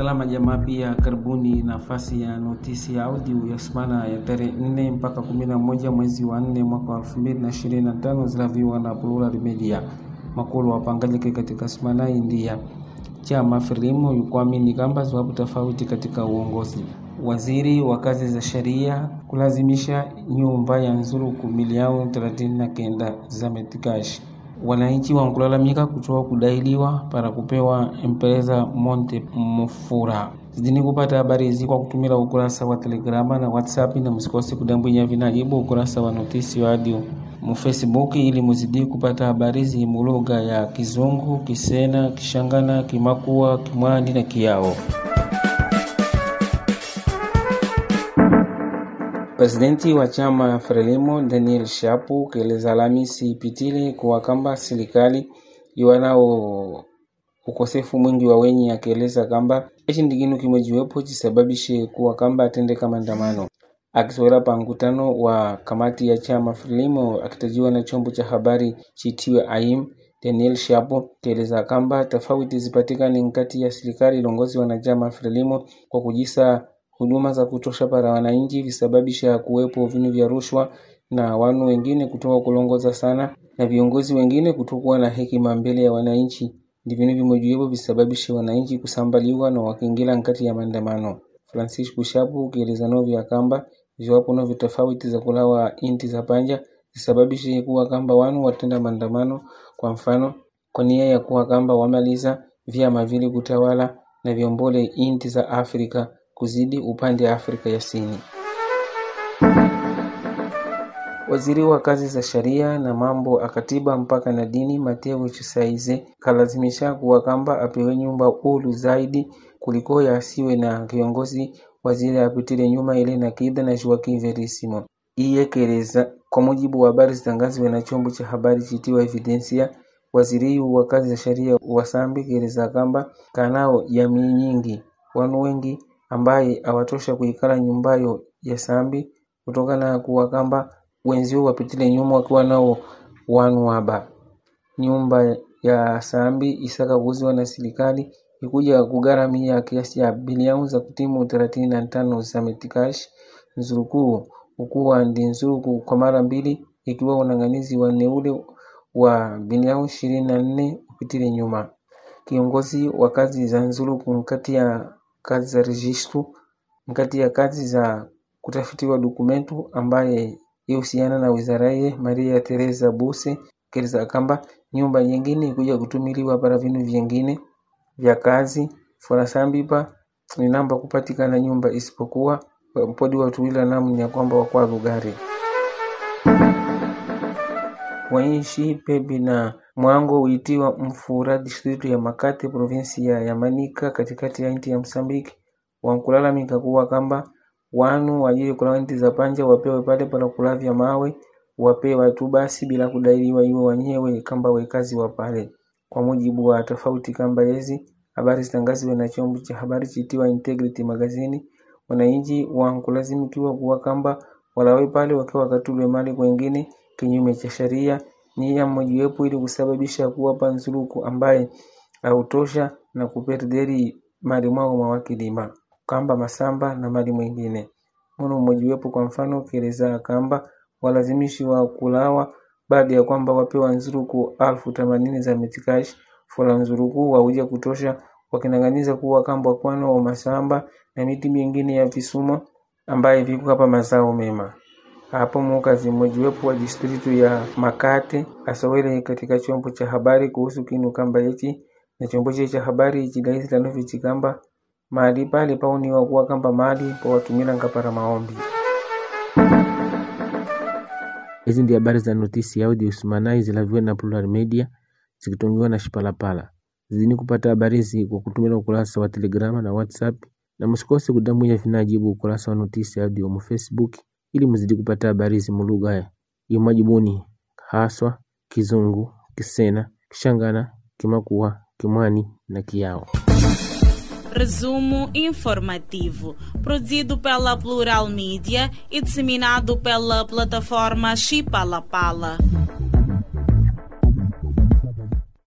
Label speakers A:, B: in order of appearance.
A: salama jamaa, pia karibuni nafasi ya notisi ya audio ya semana ya tarehe 4 mpaka 11 mwezi wa 4 mwaka wa 2025 zinaviwa na Plural Media. Makulu wapangajike katika semana hii ndia chama Frelimo yukwamini kamba sababu tofauti katika uongozi waziri wa kazi za sheria kulazimisha nyumba ya nzuru kumilioni 39 za metikashi wananchi wa nkulalamika kutoa kudailiwa para kupewa empresa Monte Mufura. Zidini kupata habari hizi kwa kutumira ukurasa wa Telegrama na WhatsApp, na msikose kudambwinya vinajibu ukurasa wa notisi wa adio mu Facebook ili muzidi kupata habari zi mulugha ya Kizungu, Kisena, Kishangana, Kimakua, Kimwandi na Kiao. Presidenti wa chama Frelimo Daniel Shapu keleza Alhamisi ipitile kuwa kamba serikali iwanao ukosefu mwingi wa wenye, akieleza kamba echi ndiginu kimojiwepo chisababishe kuwa kamba atende maandamano. Akiswera pa mkutano wa kamati ya chama Frelimo akitajiwa na chombo cha habari chitiwe AIM, Daniel Shapo keleza kamba tofauti ni nkati ya serikali ilongozi chama Frelimo kwa kujisa huduma za kutosha para wananchi visababisha kuwepo vinu vya rushwa na wanu wengine kutoka kulongoza sana na viongozi wengine kutokuwa na hekima mbele ya wananchi ndi vinu vimojiwepo visababishe wananchi kusambaliwa na wakingila nkati ya maandamano. Francis Kushapu ukieleza novyo ya kamba viwapo novyo tofauti za kulawa inti za panja zisababishe kuwa kamba wanu watenda maandamano, kwa mfano kwa nia ya kuwa kamba wamaliza vyama vili kutawala na vyombole inti za Afrika kuzidi upande Afrika Kusini Waziri wa Kazi za Sheria na Mambo akatiba mpaka na Dini Mateo Chisaize kalazimisha kamba apewe nyumba ulu zaidi kuliko asiwe na kiongozi waziri apitile nyuma ile nakida na Joaquim iye kereza. kwa mujibu wa habari zitangaziwe na chombo cha habari chitiwa Evidencia waziri wa kazi za sheria wa Sambi keleza kamba kanao jamii nyingi wanu wengi ambaye awatosha kuikala nyumbayo ya sambi kutokana na kuwa kamba wenzio wapitile nyuma wakiwa nao wanwaba nyumba ya sambi kuuziwa na serikali ikuja kugharamia kiasi ya bilioni za kutimu 35 na tano za metikash nzurukuu ukuwa ndi nzuruku kwa mara mbili ikiwa unang'anizi wa neule wa bilioni ishirini na nne upitile nyuma kiongozi wa kazi za nzuruku nkati ya kazi za registro ngati ya kazi za kutafitiwa dokumentu dukumentu ambaye ihusiana na wizaraye Maria teresa Buse kereza akamba nyumba nyingine ikuja kutumiliwa para vinu vyengine vya kazi forasambipa ni namba kupatikana nyumba isipokuwa mpodi watuwila namni ya kwamba wakwa lugari waishi pebi na Mwango uitiwa Mfura distrikti ya Makate provinsi ya Yamanika katikati ya nchi ya Msambiki Wankulalamika kuwa kamba wanu waliokula nti za panja wapewe pale panakulavya mawe wapewa tu basi bila kudailiwa iwe wanyewe kamba wekazi wa pale kwa mujibu wa tofauti kamba yezi habari zitangaziwe na chombo cha habari chitiwa Integrity Magazini wananchi wankulazimikiwa kuwa kamba walawe pale wakiwa wakatulwe mali kwengine kinyume cha sheria ya mojawapo ili kusababisha kuwapa nzuruku ambaye hautosha na kuperderi mwao mawakilima kamba masamba na mali mwingine muno mmojiwepo kwa mfano kieleza kamba walazimishi wa kulawa baada ya kwamba wapewa nzuruku alfu themanini za mitikashi fula nzuruku wauja kutosha wakinang'aniza kuwa kamba kwano wa masamba na miti mingine ya visuma ambaye vikukapa mazao mema hapo kazi mojawapo wa distritu ya Makate asowele katika chombo cha habari kuhusu kinu kamba ichi na chombo che cha habari ichi tanofi chikamba mahali pale pauniwa kuwa kamba mahali pawatumila nkapara maombi
B: hizi ndi habari za notisi ya audio usumanai zilaviwe na Plural Media zikitungiwa na Shipalapala. zini kupata habari hizi kwa kutumila ukurasa wa Telegrama na WhatsApp, na msikose kudambwinya vinajibu ukurasa wa notisi ya audio mu Facebook ili mzidi kupata habari hizi mu lugha ya majiboni haswa Kizungu Kisena Kishangana Kimakua Kimwani na Kiao
A: Resumo informativo, produzido pela Plural media e disseminado pela plataforma Chipalapala.